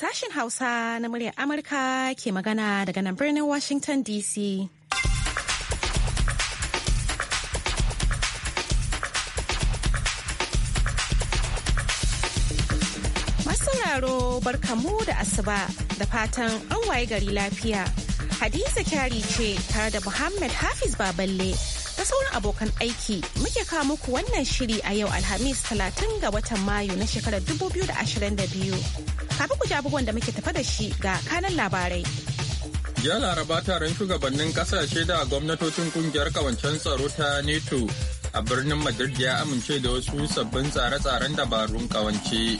Sashen Hausa na muryar Amurka ke magana daga nan birnin Washington DC. Masauraro barkamu da asuba da fatan an waye gari lafiya. Hadiza kyari ce tare da Muhammad Hafiz Baballe ta sauran abokan aiki muke kawo muku wannan shiri a yau Alhamis 30 ga watan Mayu na shekarar 2022. Kafin ku ji abubuwan da muke tafa da shi ga kanan labarai. Ya laraba taron shugabannin kasashe da gwamnatocin kungiyar kawancen tsaro ta NATO a birnin Madrid ya amince da wasu sabbin tsare-tsaren dabarun kawance.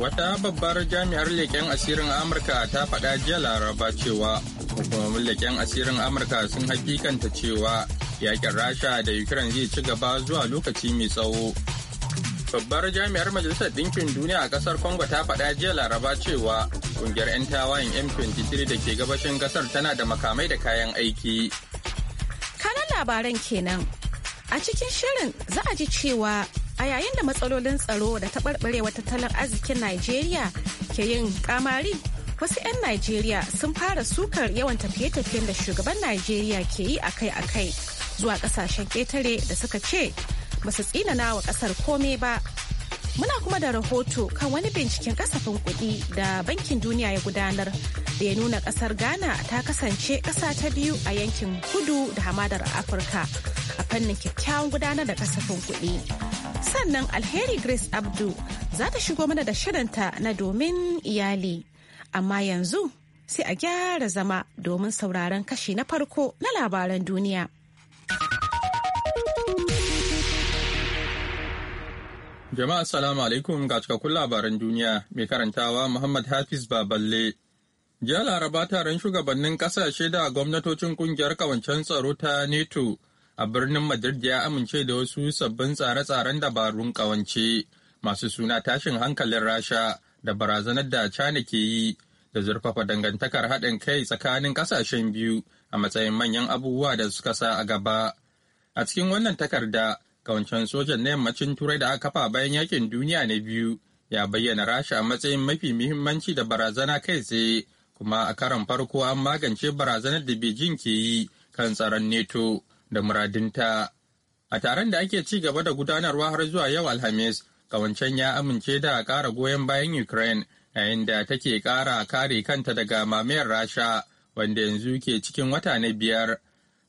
Wata babbar jami'ar leƙen asirin Amurka ta faɗa jiya laraba cewa hukumomin leƙen asirin Amurka sun hakikanta cewa yakin Rasha da Ukraine zai ci gaba zuwa lokaci mai tsawo. babbar jami'ar majalisar Dinkin duniya a Kasar congo ta faɗa jiya laraba cewa ƙungiyar 'yan tawayen m23 da ke gabashin ƙasar tana da makamai da kayan aiki kanan labaran kenan a cikin shirin za a ji cewa a yayin da matsalolin tsaro da wata tattalin arzikin najeriya ke yin kamari wasu 'yan najeriya sun fara sukar yawan tafiye-tafiyen da shugaban najeriya ke yi akai-akai zuwa ƙasashen ƙetare da suka ce ba su tsina na wa kasar kome ba muna kuma da rahoto kan wani binciken kasafin kuɗi da bankin duniya ya gudanar da ya nuna kasar ghana ta kasance ƙasa ta biyu a yankin kudu da hamadar afirka a fannin kyakkyawan gudanar da kasafin kuɗi sannan alheri grace abdu za ta shigo mana da shirinta na domin iyali amma yanzu sai a gyara zama domin sauraron kashi na farko na labaran duniya. Jama'a salamu alaikum ga cikakkun labaran duniya mai karantawa Muhammad Hafiz Baballe. Jiya Laraba taron shugabannin kasashe da gwamnatocin kungiyar kawancen tsaro ta NATO a birnin Madrid ya amince da wasu sabbin tsare-tsaren dabarun kawance masu suna tashin hankalin Rasha da barazanar da China ke yi da zurfafa dangantakar haɗin kai tsakanin kasashen biyu a matsayin manyan abubuwa da suka sa a gaba. A cikin wannan takarda kawancen sojan na yammacin turai da aka kafa bayan yakin duniya na biyu ya bayyana rasha a matsayin mafi muhimmanci da barazana kai tsaye kuma a karon farko an magance barazanar da beijing ke yi kan tsaron neto da muradinta a taron da ake ci gaba da gudanarwa har zuwa yau alhamis kawancen ya amince da kara goyon bayan ukraine yayin da take kara kare kanta daga mamayar rasha wanda yanzu ke cikin wata na biyar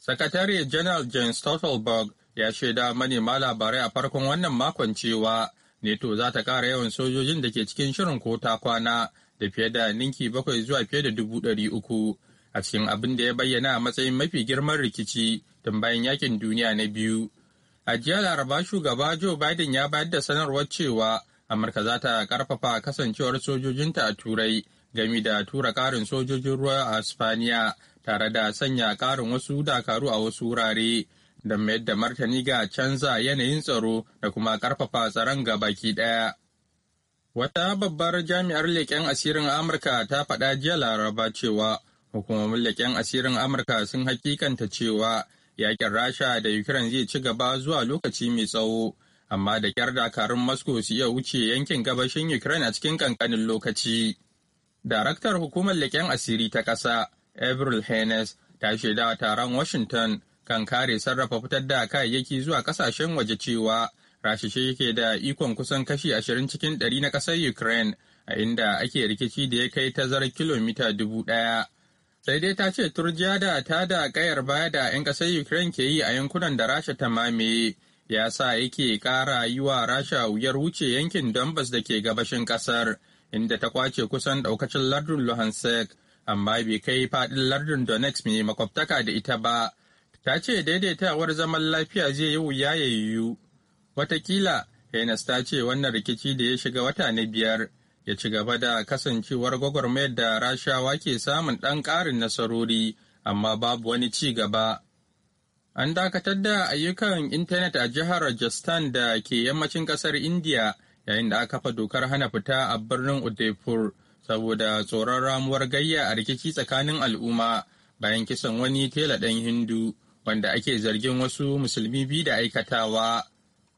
sakatare general jens stoltenberg ya shaida manema labarai a farkon wannan makon cewa neto za ta ƙara yawan sojojin da ke cikin shirin ko ta kwana da fiye da ninki bakwai zuwa fiye da dubu ɗari uku a cikin abin da ya bayyana a matsayin mafi girman rikici tun bayan yakin duniya na biyu a jiya laraba shugaba joe biden ya bayar da sanarwar cewa amurka za ta karfafa kasancewar sojojinta a turai gami da tura karin sojojin ruwa a spaniya tare da sanya karin wasu dakaru a wasu wurare don mayar da martani ga canza yanayin tsaro da kuma ƙarfafa tsaron ga baki ɗaya. Wata babbar jami'ar leƙen asirin Amurka ta faɗa jiya Laraba cewa hukumomin leƙen asirin Amurka sun hakikanta cewa yaƙin Rasha da Ukraine zai ci gaba zuwa lokaci mai tsawo, amma da kyar dakarun Moscow su iya wuce yankin gabashin Ukraine a cikin kankanin lokaci. Daraktar hukumar leƙen asiri ta ƙasa, Avril Haines, ta shaida taron Washington kan kare sarrafa fitar da kayayyaki zuwa kasashen waje cewa rashishe yake da ikon kusan kashi ashirin cikin ɗari na ƙasar ukraine a inda ake rikici da ya kai tazarar kilomita dubu ɗaya sai dai ta ce turjiya da ta da kayar baya da 'yan ƙasar ukraine ke yi a yankunan da rasha ta mamaye ya sa yake kara yi wa rasha wuyar wuce yankin donbas da ke gabashin ƙasar inda ta kwace kusan ɗaukacin lardin luhansk amma bai kai faɗin lardin donetsk mai makwabtaka da ita ba ta ce daidaitawar zaman lafiya zai yi wuya ya yiwu. Watakila, Enes ta ce wannan rikici da ya shiga wata na biyar ya ci gaba da kasancewar gwagwarmayar da rashawa ke samun ɗan ƙarin nasarori, amma babu wani ci gaba. An dakatar da ayyukan intanet a jihar Rajasthan da ke yammacin ƙasar India yayin da aka kafa dokar hana fita a birnin Udaipur saboda tsoron ramuwar gayya a rikici tsakanin al'umma bayan kisan wani tela ɗan Hindu. wanda ake zargin wasu musulmi biyu da aikatawa.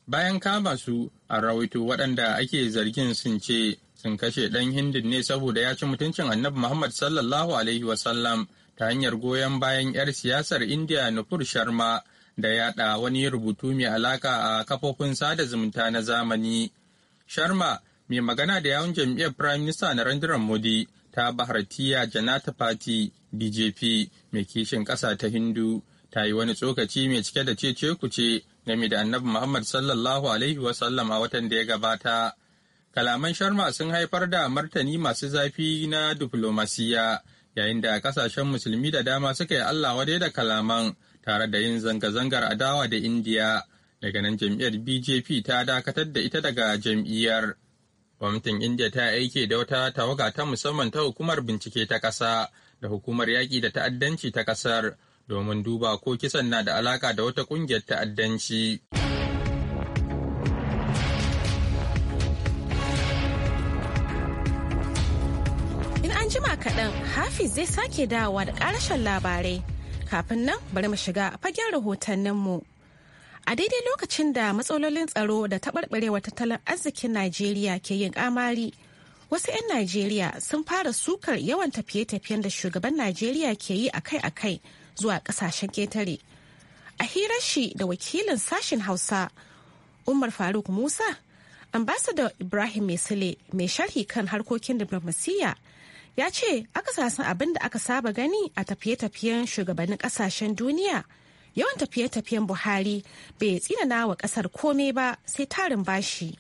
Bayan kama su, a rawaito waɗanda ake zargin sun ce sun kashe ɗan hindin ne saboda ya ci mutuncin annabi Muhammad sallallahu Alaihi wasallam ta hanyar goyon bayan 'yar siyasar India Nupur Sharma da yaɗa wani rubutu mai alaka a kafofin sada zumunta na zamani. Sharma mai magana da yawon jam'iyyar Prime Minister Narendra Modi ta Bharatiya Janata Party BJP mai kishin ƙasa ta Hindu ta yi wani tsokaci mai cike da cece kuce game da annabi Muhammad sallallahu Alaihi wasallam a watan da ya gabata. Kalaman Sharma sun haifar da martani masu zafi na diflomasiya yayin da kasashen musulmi da dama suka yi Allah wadai da kalaman tare da yin zanga-zangar adawa da Indiya. Daga nan jam'iyyar BJP ta dakatar da ita daga jam'iyyar. Gwamnatin Indiya ta aike da wata tawaga ta musamman ta hukumar bincike ta ƙasa da hukumar yaƙi da ta'addanci ta ƙasar domin duba ko kisan na da alaka da wata kungiyar ta'addanci. In an jima kaɗan Hafiz zai sake dawowa da ƙarashen labarai. Kafin nan bari mu shiga fagen rahotanninmu. A daidai lokacin da matsalolin tsaro da taɓarɓarewar tattalin arzikin Najeriya ke yin ƙamari. wasu 'yan Najeriya sun fara sukar yawan tafiye-tafiyen da shugaban Najeriya ke yi akai-akai zuwa kasashen ketare. A hirar shi da wakilin sashen Hausa, Umar Faruk Musa, ambassador Ibrahim Mesile mai sharhi kan harkokin diplomasiyya ya ce aka sasan abin da aka saba gani a tafiye-tafiyen shugabannin kasashen duniya yawan tafiye-tafiyen Buhari bai tsinana wa kasar komai ba sai tarin bashi.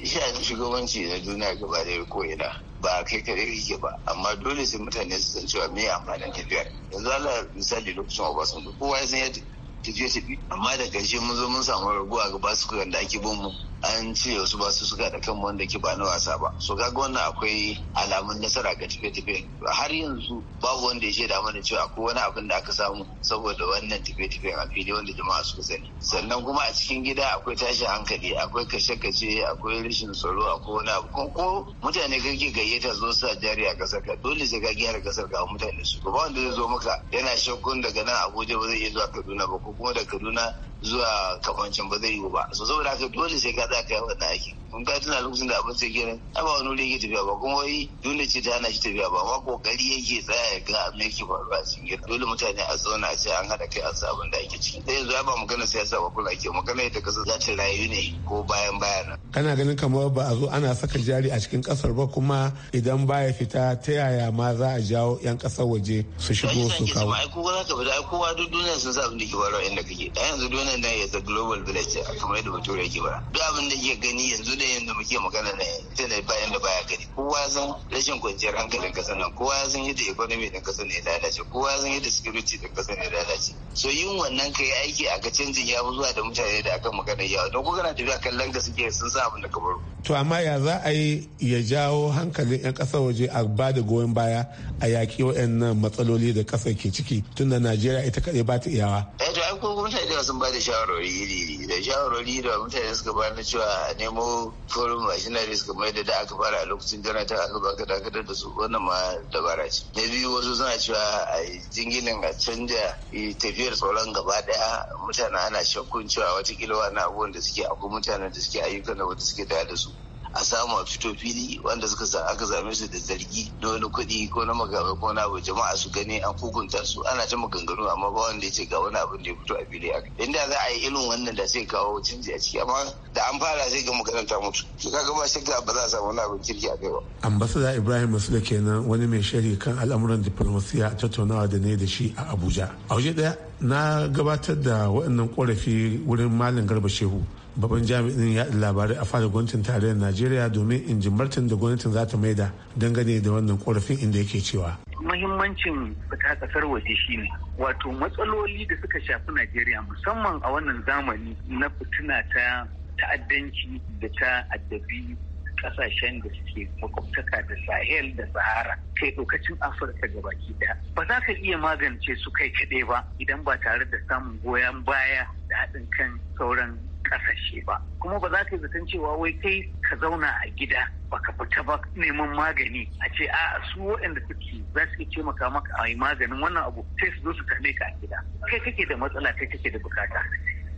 Shi shugabanci na duniya gaba da ko ina. ba a kai kare yake ba amma dole sai mutane su san cewa me amfanin tafiya yanzu ala misali lokacin Obasanjo kowa ya san yadda tafiye tafi amma da karshe mun zo mun samu raguwa ga kuwa da ake bin mu an cire wasu su suka da kan wanda ke ba na wasa ba so kaga wannan akwai alamun nasara ga tafe-tafe har yanzu babu wanda ya shaida mana cewa akwai wani abin da aka samu saboda wannan tafe-tafe a fili wanda jama'a suka sani sannan kuma a cikin gida akwai tashin hankali akwai kashe-kashe akwai rashin tsaro akwai wani abu ko mutane kake gayyata zo sa jari a kasar ka dole sai ka gyara kasar ka mutane su ba wanda zai zo maka yana shakkun daga nan Abuja ba zai iya zuwa Kaduna ba ko kuma da Kaduna zuwa kafancin ba zai yiwu ba so saboda haka dole sai ka tsaya kai wannan aiki mun ka tana lokacin da abin sai kenan ba wani wuri yake tafiya ba kuma wai dole ce ta hana shi tafiya ba amma kokari yake tsaya ya ga me yake faruwa a cikin gida dole mutane a zauna a ce an hada kai a sa abin da ake ciki sai yanzu ba magana siyasa ba kuna ke magana yadda kasa za ta rayu ne ko bayan bayan kana ganin kamar ba a zo ana saka jari a cikin kasar ba kuma idan baya fita ta yaya ma za a jawo yan kasar waje su shigo su kawo ai kowa ka fita ai kowa duk duniya sun sa abin da ke faruwa inda kake a yanzu duniya nan ya za global village kamar yadda bature yake ba duk abin da ke gani yanzu yanayin da muke magana na ne bayan da baya gani kowa zan rashin kwanciyar hankalin kasa nan kowa zan yi da economy da kasa ne lalace kowa zan yi da security da kasa ne lalace so yin wannan kai aiki a ga canjin ya zuwa da mutane da akan magana yawa don kuka na tafiya kallon da suke sun sa abin da baro. to amma ya za a yi ya jawo hankalin 'yan kasar waje a ba da goyon baya a yaƙi waɗannan matsaloli da kasa ke ciki tunda najeriya ita kaɗai ba ta iyawa eh, farko gwamnati sun ba da shawarwari iri da shawarwari da mutane suka ba na cewa a nemo foreign machinery suka mai da da aka fara a lokacin jana ta aka ka dakatar da su wannan ma dabara ce na biyu wasu suna cewa a jingilin a canja tafiyar tsoron gaba daya mutane ana shakkun cewa watakila wani abubuwan da suke akwai mutanen da suke ayyukan da wata suke da su a samu a fito fili wanda suka sa aka zame su da zargi na wani kuɗi ko na magaba ko na abu jama'a su gani an hukunta su ana ta maganganu amma ba wanda ya ce ga wani abin da ya fito a fili kai inda za a yi irin wannan da sai kawo canji a ciki amma da an fara sai ga makaranta mutu to kaga ba shakka ba za a samu wani abin kirki a kai ba ambasada ibrahim masula kenan wani mai shari kan al'amuran diplomasiya a tattaunawa da ne da shi a abuja a waje daya na gabatar da waɗannan korafi wurin malam garba shehu babban jami'in yaɗa labarai a fadar gwamnatin tarayyar najeriya domin in ji martin da gwamnatin za ta maida dangane da wannan korafin inda yake cewa muhimmancin fita kasar waje shine wato matsaloli da suka shafi najeriya musamman a wannan zamani na fitina ta ta'addanci da ta addabi kasashen da suke makwabtaka da sahel da sahara kai lokacin afirka ga baki daya ba za ka iya magance su kai kaɗai ba idan ba tare da samun goyon baya da haɗin kan sauran kasashe ba kuma ba za ka yi zaton cewa wai kai ka zauna a gida baka fita ba neman magani a ce a su waɗanda suke za su iya taimaka maka a yi maganin wannan abu sai su zo su karɓe ka a gida kai kake da matsala kai kake da bukata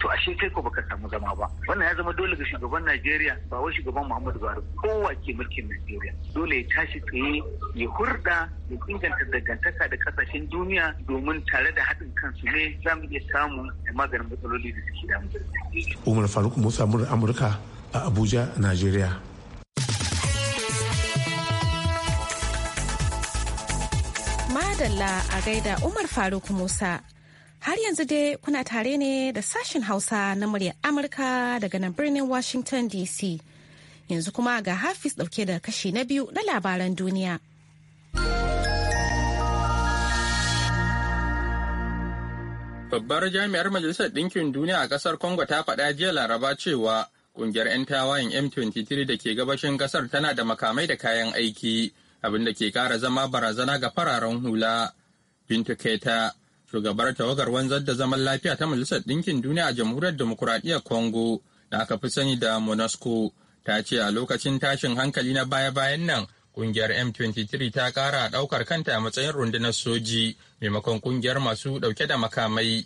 to ashe kai ko baka samu zama ba wannan ya zama dole ga shugaban Najeriya ba wai shugaban Muhammadu Buhari kowa ke mulkin Najeriya dole ya tashi tsaye ya hurda ya inganta dangantaka da kasashen duniya domin tare da haɗin kansu ne za mu iya samu maganin matsaloli da suke damu. Umar Faruk Musa Amurka a Abuja, Najeriya. Madalla a gaida Umar Faruk Musa Har yanzu dai kuna tare ne da sashen Hausa na muryar Amurka daga nan birnin Washington DC. Yanzu kuma ga Hafiz dauke da kashi na biyu na labaran duniya. Babbar jami'ar Majalisar Ɗinkin Duniya a ƙasar Congo ta faɗa jiya Laraba cewa ƙungiyar 'yan tawayen M23 da ke gabashin ƙasar tana da makamai da kayan aiki, abinda ke kara zama barazana ga fararen hula. Binta Keta, shugabar tawagar wanzar da zaman lafiya ta Majalisar Ɗinkin Duniya a Jamhuriyar Demokuraɗiyyar Congo da aka fi sani da Monusco ta ce a lokacin tashin hankali na baya-bayan nan kungiyar M23 ta ƙara ɗaukar kanta a matsayin rundunar soji maimakon kungiyar masu ɗauke da makamai.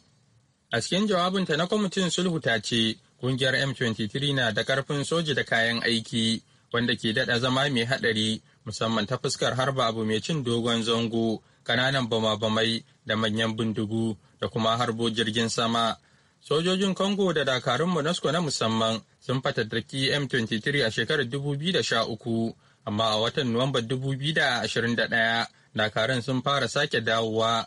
A cikin jawabinta na kwamitin sulhu ta ce kungiyar M23 na da ƙarfin soji da kayan aiki wanda ke daɗa zama mai haɗari musamman ta fuskar harba abu mai cin dogon zango kananan bama-bamai da manyan bindigu da kuma harbo jirgin sama. Sojojin kongo da dakarun MONUSCO na musamman sun fatattaki M23 a shekarar 2013, amma a watan Nuwamba 2021 dakarun sun fara sake dawowa.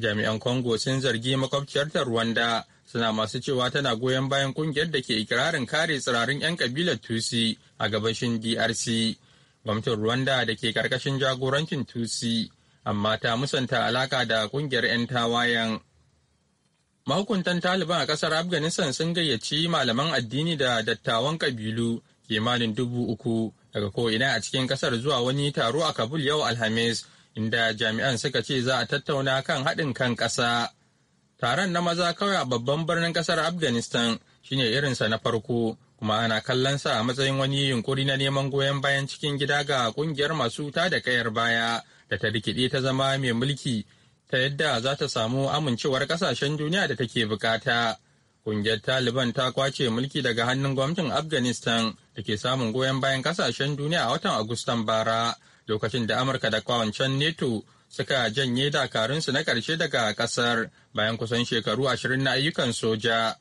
Jami'an kongo sun zargi makwabciyar ta Rwanda suna masu cewa tana goyon bayan kungiyar da ke ikirarin kare tsirarin 'yan kabilar Tusi a gabashin DRC. Gwamnatin Rwanda da ke karkashin jagorancin Tusi amma ta musanta alaka da kungiyar 'yan tawayen. Mahukuntan Taliban a ƙasar Afghanistan sun gayyaci malaman addini da dattawan kabilu kimanin dubu uku daga ko'ina a cikin ƙasar zuwa wani taro a Kabul yau Alhamis, inda jami'an suka ce za a tattauna kan haɗin kan ƙasa. Taron na maza kawai a babban birnin ƙasar Afghanistan shine irinsa na farko, kuma ana kallon sa a matsayin wani yunkuri na neman goyon bayan cikin gida ga ƙungiyar masu da kayar baya. da ta rikide ta zama mai mulki ta yadda za ta samu amincewar kasashen duniya da take bukata. Kungiyar Taliban ta kwace mulki daga hannun gwamnatin Afghanistan da ke samun goyon bayan kasashen duniya a watan Agustan bara lokacin da Amurka da kwawancen NATO suka janye dakarunsu na ƙarshe daga ƙasar bayan kusan shekaru ashirin na ayyukan soja.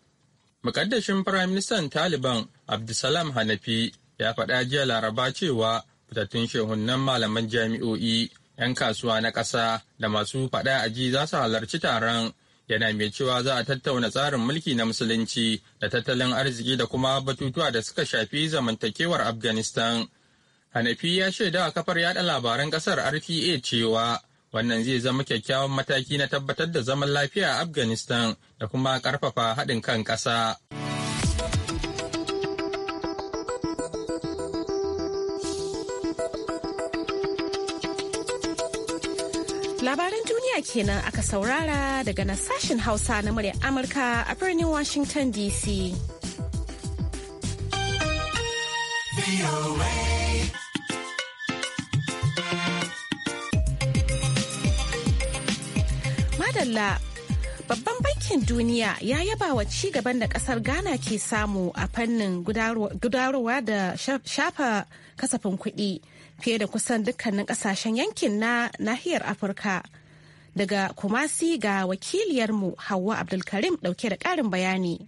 Mukaddashin Firaministan Taliban Abdulsalam Hanafi ya faɗa jiya Laraba cewa fitattun shehunan malaman jami'o'i 'yan kasuwa na ƙasa da masu faɗa aji za su halarci taron yana mai cewa za a tattauna tsarin mulki na musulunci da tattalin arziki da kuma batutuwa da suka shafi zamantakewar afghanistan hanafi ya shaida a kafar yada labaran ƙasar rta cewa wannan zai zama kyakkyawan mataki na tabbatar da zaman lafiya a afghanistan da kuma ƙarfafa haɗin kan ƙasa. kenan aka saurara daga na sashen Hausa na muryar Amurka a birnin Washington DC. Madalla Babban bankin duniya ya yaba wa ci gaban da kasar Ghana ke samu a fannin gudarwa da shafa kasafin kuɗi fiye da kusan dukkanin kasashen yankin na nahiyar Afirka. Daga Kumasi ga wakiliyarmu Hauwa Abdulkarim dauke da ƙarin bayani.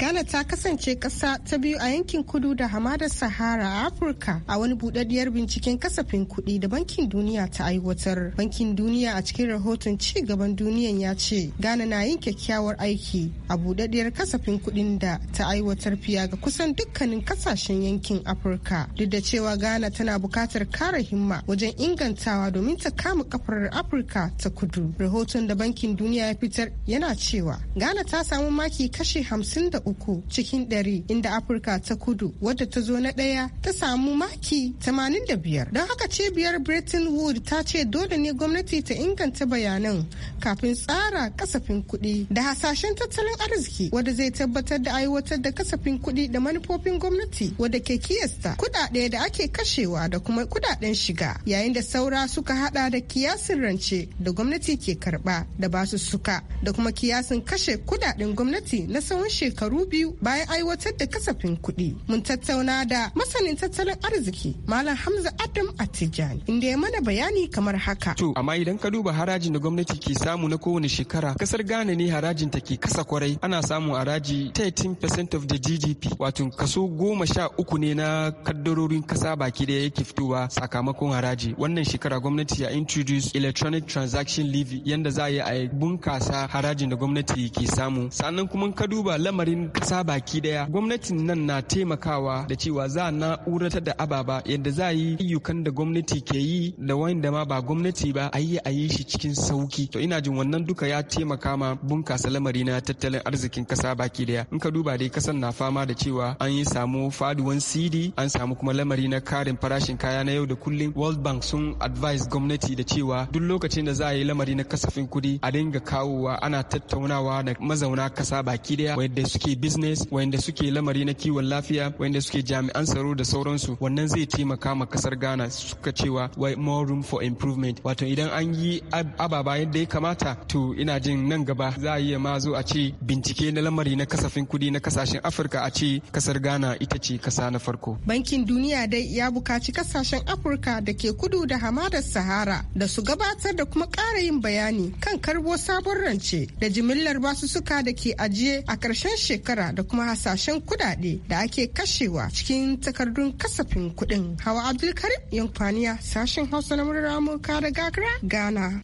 Ghana ta kasance kasa ta biyu a yankin kudu da hamadar Sahara a Afirka a wani budaddiyar binciken kasafin kuɗi da Bankin Duniya ta aiwatar. Bankin Duniya a cikin rahoton ci gaban duniyan ya ce Ghana na yin kyakkyawar aiki a budaddiyar kasafin kuɗin da ta aiwatar fiya ga kusan dukkanin kasashen yankin Afirka. Duk da cewa Ghana tana bukatar kara himma wajen ingantawa domin ta kama kafar Afirka ta kudu. Rahoton da Bankin Duniya ya fitar yana cewa Ghana ta samu maki kashi hamsin da uku cikin ɗari inda afirka ta kudu wadda ta zo na ɗaya ta samu maki 85 don haka cibiyar bretton wood ta ce dole ne gwamnati ta inganta bayanan kafin tsara kasafin kuɗi da hasashen tattalin arziki wadda zai tabbatar da aiwatar da kasafin kuɗi da manufofin gwamnati wadda ke kiyasta kuɗaɗe da ake kashewa da kuma kuɗaɗen shiga yayin da saura suka hada da kiyasin rance da gwamnati ke karba da basu suka da kuma kiyasin kashe kuɗaɗen gwamnati na tsawon shekaru shekaru biyu bayan aiwatar da kasafin kuɗi. Mun tattauna da masanin tattalin arziki Malam Hamza Adam Atijani inda ya mana bayani kamar haka. To amma idan ka duba harajin da gwamnati ke samu na kowane shekara kasar Ghana ne harajin ta ke kasa kwarai ana samun haraji 13% of the GDP wato kaso goma sha uku ne na kaddarorin kasa baki ɗaya yake fitowa sakamakon haraji wannan shekara gwamnati ya introduce electronic transaction levy yanda za a yi a bunkasa harajin da gwamnati ke samu sannan kuma ka duba lamarin cikin ƙasa baki daya gwamnatin nan na taimakawa da cewa za urata da ababa yadda za yi ayyukan da gwamnati ke yi da wanda ma ba gwamnati ba a yi a yi shi cikin sauki to ina jin wannan duka ya taimaka ma bunkasa lamari na tattalin arzikin kasa baki daya in ka duba dai ƙasar na fama da cewa an yi samu faduwan cd an samu kuma lamari na karin farashin kaya na yau da kullum world bank sun advise gwamnati da cewa duk lokacin da za a yi lamari na kasafin kuɗi a dinga kawowa ana tattaunawa da mazauna ƙasa baki daya wadda suke suke business wayanda suke lamari na kiwon lafiya wayanda suke jami'an tsaro da sauransu wannan zai taimaka ma kasar ghana suka cewa why more room for improvement wato idan an yi ababa yadda ya kamata to ina jin nan gaba za a iya ma zo a ce bincike na lamari na kasafin kudi na kasashen afirka a ce kasar ghana ita ce kasa na farko bankin duniya dai ya bukaci kasashen afirka da ke kudu da hamadar sahara da su gabatar da kuma ƙara yin bayani kan karbo sabon rance da jimillar basussuka da ke ajiye a karshen shekara shekara da kuma hasashen kudade da ake kashewa cikin takardun kasafin kudin Hawa Abdulkarim Yankwaniya sashen Hausa na murar Amurka da Gagara, Ghana.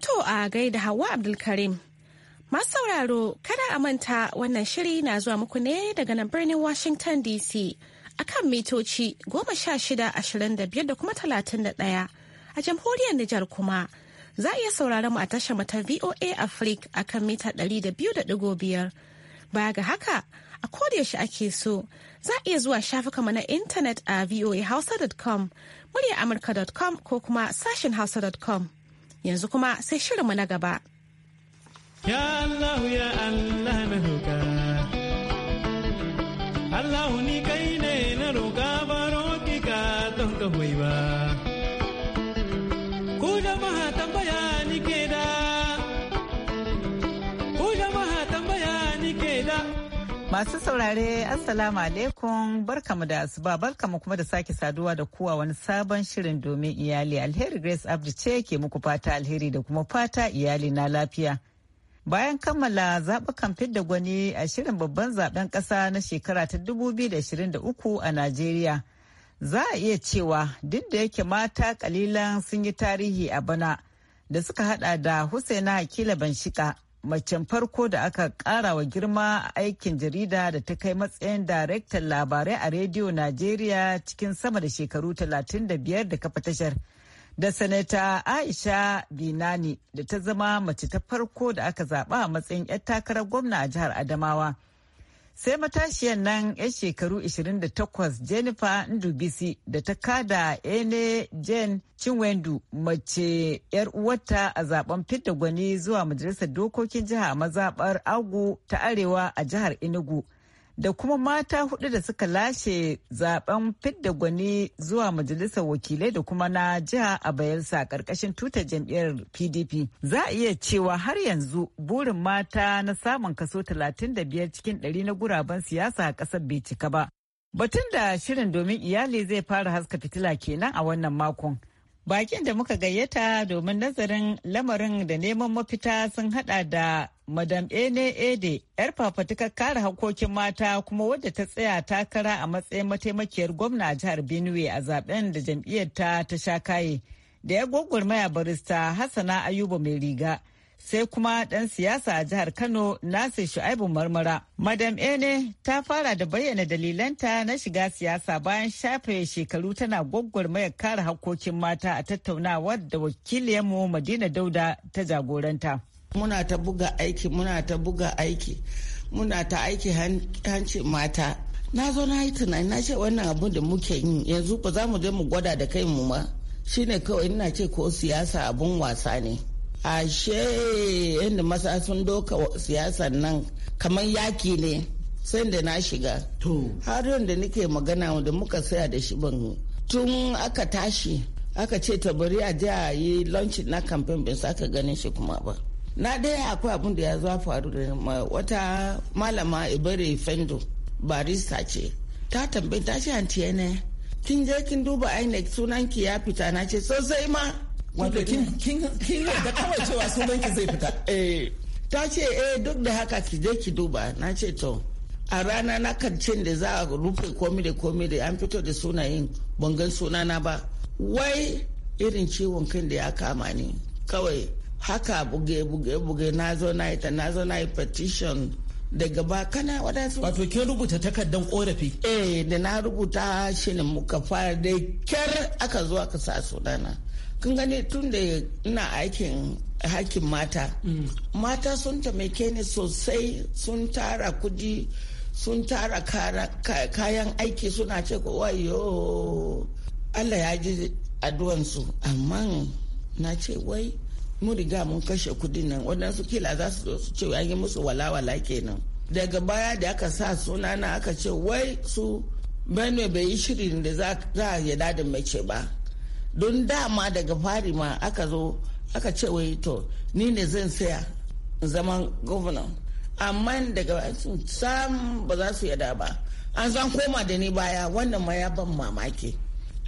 To a gaida Hawa Abdulkarim. Masu sauraro kada a manta wannan shiri na zuwa muku ne daga nan birnin Washington DC akan mitoci goma sha shida ashirin da biyar da kuma talatin da ɗaya a jamhuriyar Nijar kuma za a iya sauraron mu a tashar mata VOA Africa akan mita ɗari da biyu da ɗigo biyar. Ba ga haka, a yaushe ake so, za a iya zuwa shafukanmu na intanet a voahausa.com, muryaamurka.com ko kuma sashen hausa.com. Yanzu kuma sai shirinmu na gaba. Ya Allah ya Allah na ne na ba roƙi don ka ba. Masu saurare Assalamu alaikum barkamu da asuba barkamu kuma da sake saduwa da kuwa wani sabon shirin domin iyali alheri Grace Abdi ce ke muku fata alheri da kuma fata iyali na lafiya. Bayan kammala zaɓukan fidda gwani a shirin babban zaɓen ƙasa na shekara ta 2023 a Najeriya. Za a iya cewa duk da yake mata kalilan sun yi tarihi a bana da suka hada da Husaina Hakila Banshika macen farko da aka wa girma aikin jarida da ta kai matsayin daraktan labarai a rediyo najeriya cikin sama da shekaru 35 da kafa tashar da sanata aisha binani da ta zama mace ta farko da aka zaba a matsayin 'yar takarar gwamna a jihar adamawa. sai matashiyar nan 'yan shekaru 28 jennifer ndubisi da ta kada ene jen chinwendu mace 'yar uwarta a zaben fidda gwani zuwa majalisar dokokin jiha mazabar agu ta arewa a jihar enugu da kuma mata hudu da suka lashe zaben fidda gwani zuwa majalisar wakilai da kuma na jiha a bayelsa karkashin tuta jam'iyyar pdp za a iya cewa har yanzu burin mata na samun kaso 35 cikin 100 na guraben siyasa a kasar bai cika ba batun da shirin domin iyali zai fara haska fitila kenan a wannan makon Bakin da muka gayyata domin nazarin lamarin da neman mafita sun hada da Madam Ene Ede, 'yar fafatukar kare harkokin mata kuma wadda ta tsaya takara a matsayin mataimakiyar gwamna a jihar Benue a zaben da jam'iyyar ta ta sha kaye. Da ya gwagwarmaya barista Hassana Ayuba mai riga. Sai kuma ɗan siyasa a jihar Kano Nasir Shu'aibu Marmara. Madam Ene ta fara da bayyana dalilanta na shiga siyasa bayan shafe shekaru tana gwagwarmayar kare hakokin mata a tattaunawar da wakiliyarmu Madina Dauda ta jagoranta. muna ta buga aiki muna ta buga aiki muna ta aiki hanci mata na zo na yi tunani na ce wannan abin da muke yi yanzu ba za mu je mu gwada da kai mu ma shine kawai ina ce ko siyasa abun wasa ne ashe yadda masa sun doka siyasan nan kamar yaki ne sai da na shiga har da nake magana da muka saya da shi ban tun aka tashi aka ce ta bari a je a yi launching na kamfen bin ka ganin shi kuma ba na daya akwai abin da ya za faru da wata malama ibere fendo barista ce ta tambayi ta ce antiye ne kin je kin duba inec sunan ki ya fita na ce sosai ma wato kin yarda kawai cewa sunan ki zai fita eh ta ce eh duk da haka ki je ki duba na ce to a rana na kancin da za a rufe komi da komi da an fito da sunayen bangan sunana ba wai irin ciwon kan da ya kama ni kawai haka buge-buge-buge na zo na yi na zo na yi petition daga ba kana wadansu wato kin rubuta takardan korafi eh da na rubuta shi ne muka fara da kyar aka zo aka sa sunana kun gani tun da ina aikin hakin mata mm. mata sun taimake ni sosai sun tara kudi sun tara kayan aiki suna ce ko wayo Allah ya ji addu'ansu amma na ce wai mun riga mun kashe kudin nan waɗansu kila za su zo su ce an yi musu walawala kenan daga baya da aka sa suna na aka ce wai su benue bai yi shirin da za a yada da mace ba don dama daga fari ma aka zo aka ce wai to ni ne zan saya zaman gwamnan amma daga sam ba za su yada ba an zan koma da ni baya wannan ma ya ban mamaki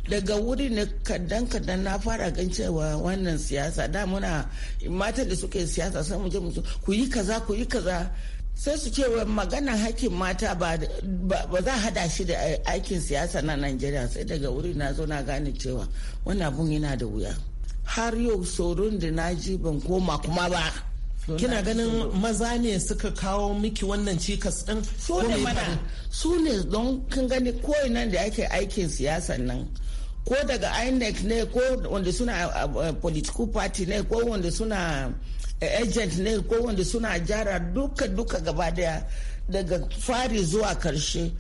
daga wuri ne kadan kadan na fara gan cewa wannan siyasa da muna matan da suke siyasa sai mu je mu ku yi kaza ku yi kaza sai su ce magana hakkin mata ba za hada shi da aikin siyasa na Najeriya sai daga wuri na zo na gane cewa wannan abun yana da wuya har yau tsoron da na ji ban koma kuma ba kina ganin maza ne suka kawo miki wannan cikas din su ne mana su ne don kin gani ko nan da ake aikin siyasa nan ko daga inec ne ko wanda suna political party ne ko wanda suna eh, agent ne ko wanda suna jara duka duka gaba daya daga fari zuwa karshe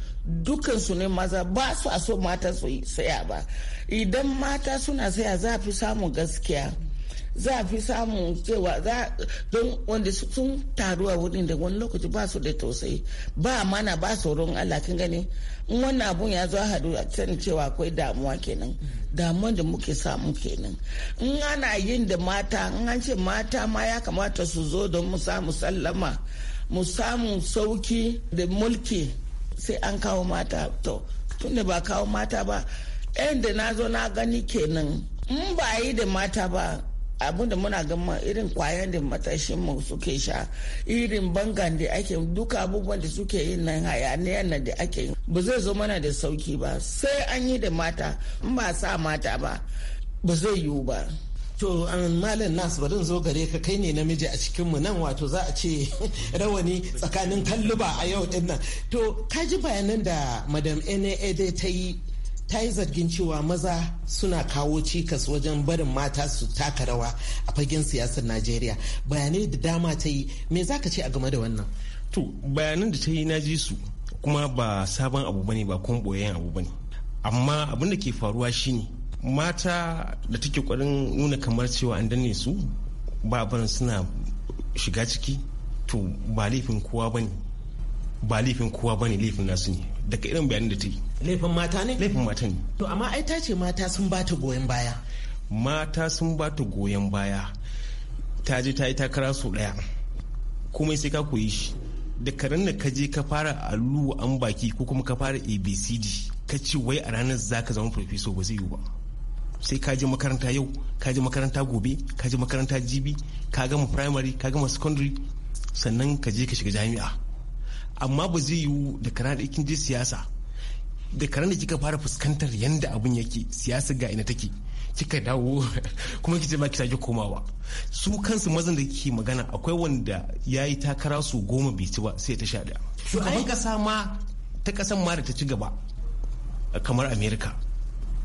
dukansu ne maza ba su a so mata su saya ba idan mata suna saya za fi samun gaskiya za a fi samun cewa za don wanda sun taru a wurin da wani lokaci ba su da tausayi ba mana ba tsoron Allah kin gani in wannan abun ya zo haɗu a can cewa akwai damuwa kenan damuwa da muke samu kenan in ana yin da mata in an ce mata ma ya kamata su zo don mu samu sallama mu samu sauki da mulki sai an kawo mata to tunda ba kawo mata ba yan da na zo na gani kenan in ba yi da mata ba abin da muna gama irin kwayan da matashin mu suke sha irin bangan da ake duka abubuwan da suke yin nan hayaniyan da ake yi ba zai zo mana da sauki ba sai an yi da mata in ba sa mata ba ba zai yiwu ba to um, malam nas barin zo gare ka kai ne namiji a cikin mu nan wato za a ce rawani tsakanin kalluba a yau din nan to ka ji bayanan da madam ene-ede ta yi ta yi zargin cewa maza suna kawo cikas wajen barin mata su taka rawa a fagen siyasar najeriya bayanai da dama ta yi me za ka ce a game da wannan to bayanan da ta yi na ji su kuma ba sabon abu bane ba kuma boyayyen abu bane amma abin da ke faruwa shine mata da take kwarin nuna kamar cewa an danne su ba barin suna shiga ciki to ba laifin kowa bane ba laifin kowa ba ne laifin nasu ne daga irin bayanin da ta yi laifin mata ne laifin mata ne to amma ai ta ce mata sun ba ta goyon baya mata sun ba ta goyon baya ta je ta yi takara sau daya komai sai ka koyi shi da karen da ka je ka fara allu an baki ko kuma ka fara abcd ka ce wai a ranar za ka zama profeso ba zai yiwu ba sai ka je makaranta yau ka je makaranta gobe ka je makaranta jibi ka gama primary ka gama secondary sannan ka je ka shiga jami'a amma ba zai yiwu da kana da je siyasa da karan da kika fara fuskantar yanda abin yake siyasa ga ina take kika dawo kuma kice ba ki sake komawa su kansu mazan da kike magana akwai wanda ya yi takara su goma bai ci ba sai ta sha daya shugaban kasa ma ta kasan ma da ta ci gaba kamar Amerika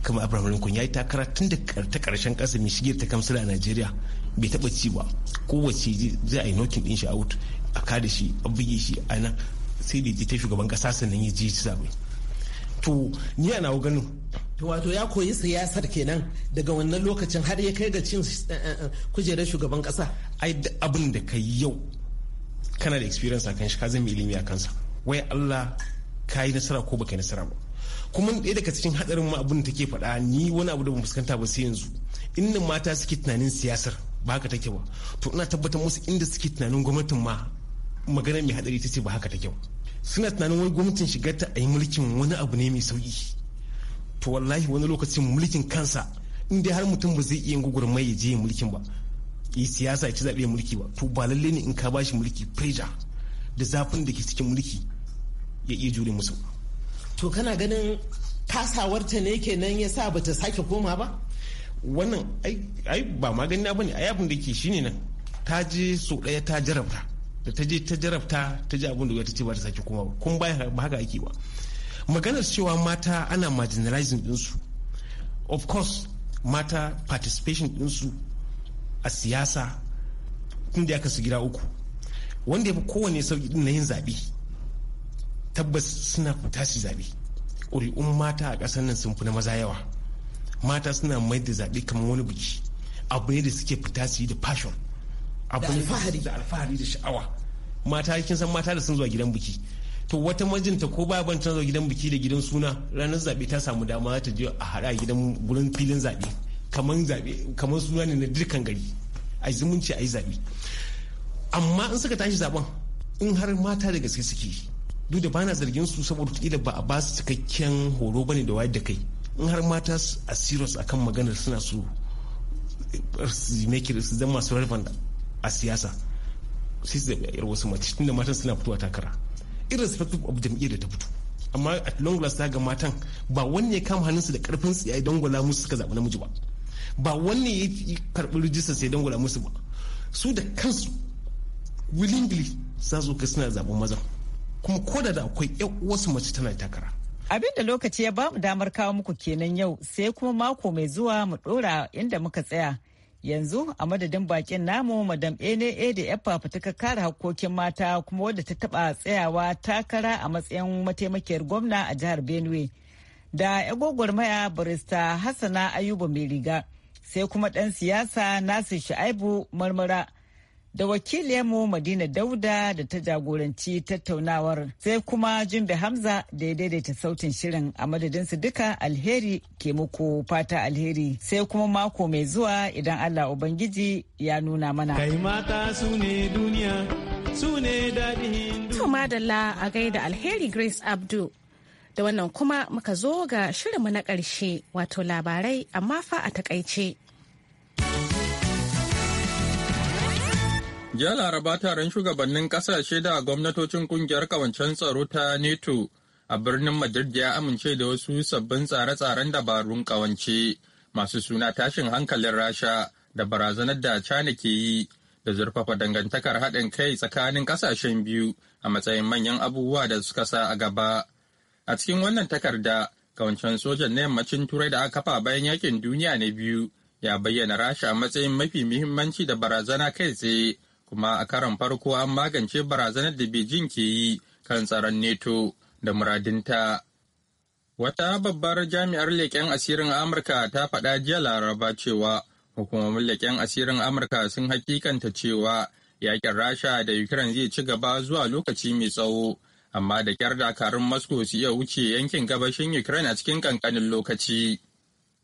kamar abraham lincoln ya yi takara tun da ta karshen kasa mai shigar ta kamsila a nigeria bai taba ci ba kowace zai a yi nokin din shi out a kada shi a buge shi a nan sai da ta shugaban kasa sannan ya ji zabe to ni ana ganin wato ya koyi siyasar kenan daga wannan lokacin har ya kai ga cin eh, eh, eh, kujerar shugaban kasa ai abin da ka yi yau kana da experience a kan shi ka zama ilimi a kansa wai Allah ka yi nasara ko baka yi nasara ba kuma ɗaya daga cikin hadarin ma abin da take faɗa ni wani abu da ban fuskanta ba sai yanzu inda mata suke tunanin siyasar ba haka take ba to ina tabbatar musu inda suke tunanin gwamnatin ma magana mai hadari ta ce ba haka ta kyau suna tunanin wai gwamnatin shigar ta a yi mulkin wani abu ne mai sauki to wallahi wani lokacin mulkin kansa inda har mutum ba zai iya mai ya je mulkin ba yi siyasa ya ci zaɓe mulki ba to ba lalle ne in ka bashi mulki preja da zafin da ke cikin mulki ya iya jure musu to kana ganin kasawarta ne kenan ya sa ba ta sake koma ba wannan ai ba magani na bane ai abin da ke shine nan ta je so ɗaya ta jarabta da ta je ta jarabta ta ji abin da ta ce ba ta sake kuma ba kun ba haka ake ba maganar cewa mata ana marginalizing dinsu of course mata participation dinsu a siyasa tun da aka su gida uku wanda ya fi kowane sauki din na yin zaɓe tabbas suna fita su zaɓe ƙuri'un mata a ƙasar nan sun fi na maza yawa mata suna mai da zaɓe kamar wani biki abu ne da suke fita su yi da fashion alfahari da alfahari da sha'awa mata kin san mata da sun zuwa gidan biki to wata majinta ko ba ban zuwa gidan biki da gidan suna ranar zabe ta samu dama ta je a hada gidan gurin filin zabe kamar zabe kamar suna ne na dukkan gari a zumunci a yi zabe amma in suka tashi zaben in har mata da gaske suke duk da bana zargin su saboda kila ba a ba su cikakken horo bane da wayar da kai in har mata a serious akan maganar suna eh, su make su zama su relevant a siyasa sai su zaɓi wasu mace tunda matan suna fitowa takara irrespective of jam'iyyar da ta fito amma a long last ga matan ba wani ya kama hannunsu da karfin su yayi dangwala musu suka zaɓi namiji ba ba wanne ya karɓi rijistar sai dangwala musu ba su da kansu willingly sa zo ka suna zaɓen maza kuma ko da akwai yan wasu mace tana takara abin da lokaci ya bamu damar kawo muku kenan yau sai kuma mako mai zuwa mu ɗora inda muka tsaya yanzu a madadin bakin namu madam ene ede efa ka kare hakkokin mata kuma wadda ta taba tsayawa takara a matsayin mataimakiyar gwamna a jihar benue da yagogwar maya barista hassana ayuba mai riga sai kuma dan siyasa nasir shaibu marmara da wakiliyarmu Madina Dauda da ta jagoranci tattaunawar sai kuma da Hamza da ya daidaita sautin shirin a madadinsu duka alheri ke muku fata alheri sai kuma mako mai zuwa idan Allah Ubangiji ya nuna mana. Kai mata su ne duniya su ne madalla a gaida alheri Grace Abdu. Da wannan kuma muka zo ga shirinmu na ƙarshe wato labarai amma fa a takaice. Jiya Laraba taron shugabannin kasashe da gwamnatocin kungiyar kawancen tsaro ta NATO e a birnin Madrid ya amince da wasu sabbin tsare-tsaren dabarun kawance masu suna tashin hankalin Rasha da barazanar da China ke yi da zurfafa dangantakar haɗin kai tsakanin kasashen biyu a matsayin manyan abubuwa da suka sa a gaba. A cikin wannan takarda, kawancen sojan na yammacin Turai da aka kafa bayan yakin duniya na biyu ya bayyana Rasha matsayin mafi muhimmanci da barazana kai tsaye kuma a karon farko an magance barazanar da Beijing ke yi kan tsaron NATO da muradinta. Wata babbar jami'ar leƙen asirin Amurka ta faɗa jiya laraba cewa hukumomin leƙen asirin Amurka sun hakikanta cewa yaƙin Rasha da Ukraine zai ci gaba zuwa lokaci mai tsawo, amma da kyar dakarun Moscow su iya wuce yankin gabashin Ukraine a cikin kankanin lokaci.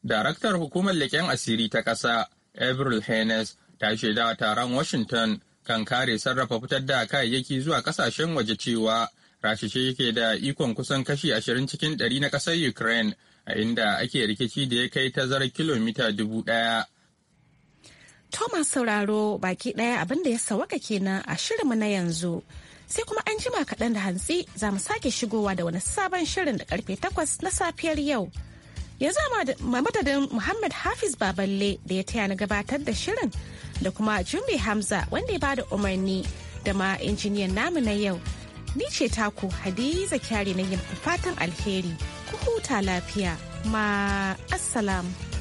Daraktar hukumar leƙen asiri ta ƙasa, Avril Haines, ta shaida a taron Washington kan kare sarrafa fitar da kayayyaki zuwa kasashen waje cewa rashishe yake da ikon kusan kashi ashirin cikin ɗari na ƙasar ukraine a inda ake rikici da ya kai tazarar kilomita dubu ɗaya. thomas sauraro baki ɗaya abinda ya sawaka kenan a shirinmu na yanzu sai kuma an jima kaɗan da hantsi za mu sake shigowa da wani sabon shirin da karfe takwas na safiyar yau yanzu a madadin muhammad hafiz baballe da ya taya na gabatar da shirin da kuma Jumbe Hamza wanda ya bada umarni da ma injiniyan namu na yau. Ni ce taku Hadiza kyari na yin fatan alheri, ku huta lafiya, ma assalamu.